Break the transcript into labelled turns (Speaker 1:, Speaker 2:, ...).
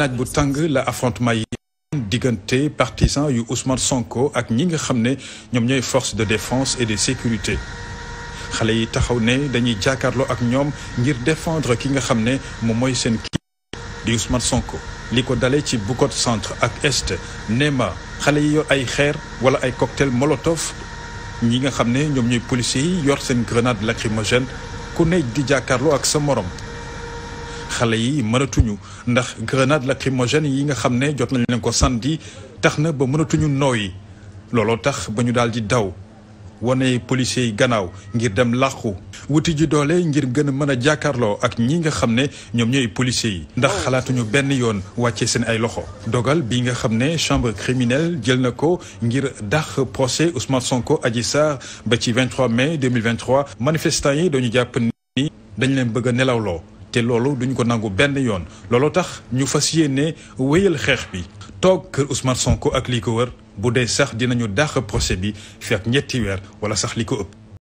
Speaker 1: naaj bu tàng la affrontement yi diggante partisan yu Ousmane Sonko ak ñi nga xam ne ñoom ñooy force de défense et de sécurité xale yi taxaw ne dañuy jàkkaarloo ak ñoom ngir défendre ki nga xam ne moom mooy seen kii di Ousmane Sonko li ko dale ci Bukot centre ak est Néma xale yi yor ay xeer wala ay cocktail molotov ñi nga xam ne ñoom ñooy policiers yi yor seen grenade lacrymogène ku ne di jàkkaarloo ak sa morom xale yi mënatuñu ndax grenade lacrymogène yi nga xam ne jot nañu leen ko sandi tax na ba mënatuñu nooyi looloo tax ba ñu daal di daw wane policiers yi gannaaw ngir dem làqu wuti ji doole ngir gën a mën a jàkkaarloo ak ñi nga xam ne ñoom ñooy policiers yi ndax xalaatuñu benn yoon wàccee seen ay loxo dogal bi nga xam ne chambre criminelle jël na ko ngir dàq procès Ousmane Sonko aji Sarr ba ci 23 mai 2023 manifestants yi dañu jàpp ni dañ leen bëgg a nelawloo te loolu duñ ko nangu benn yoon looloo tax ñu fas yéene wéyal xeex bi toog kër Ousmane Sonko ak li ko wër bu dee sax dinañu dàq procès bi fekk ñetti weer wala sax li ko ëpp.